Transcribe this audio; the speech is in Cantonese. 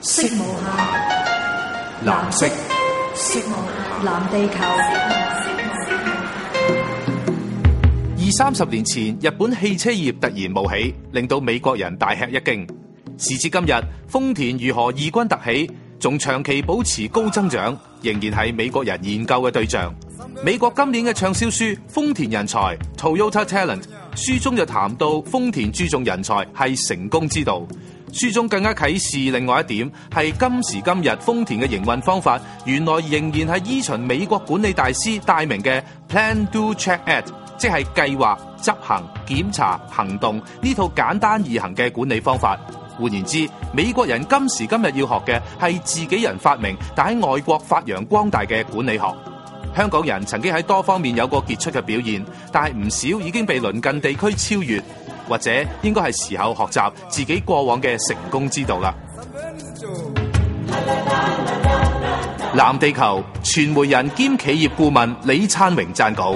色無限，藍色。色無限，藍地球。二三十年前，日本汽車業突然冒起，令到美國人大吃一驚。時至今日，豐田如何異軍突起，仲長期保持高增長，仍然係美國人研究嘅對象。美國今年嘅暢銷書《豐田人才 （Toyota Talent）》書中就談到，豐田注重人才係成功之道。書中更加啟示另外一點，係今時今日豐田嘅營運方法，原來仍然係依循美國管理大師戴明嘅 Plan Do Check Act，即係計劃執行檢查行動，呢套簡單易行嘅管理方法。換言之，美國人今時今日要學嘅係自己人發明，但喺外國發揚光大嘅管理學。香港人曾經喺多方面有過傑出嘅表現，但係唔少已經被鄰近地區超越，或者應該係時候學習自己過往嘅成功之道啦。藍地球傳媒人兼企業顧問李燦榮撰稿。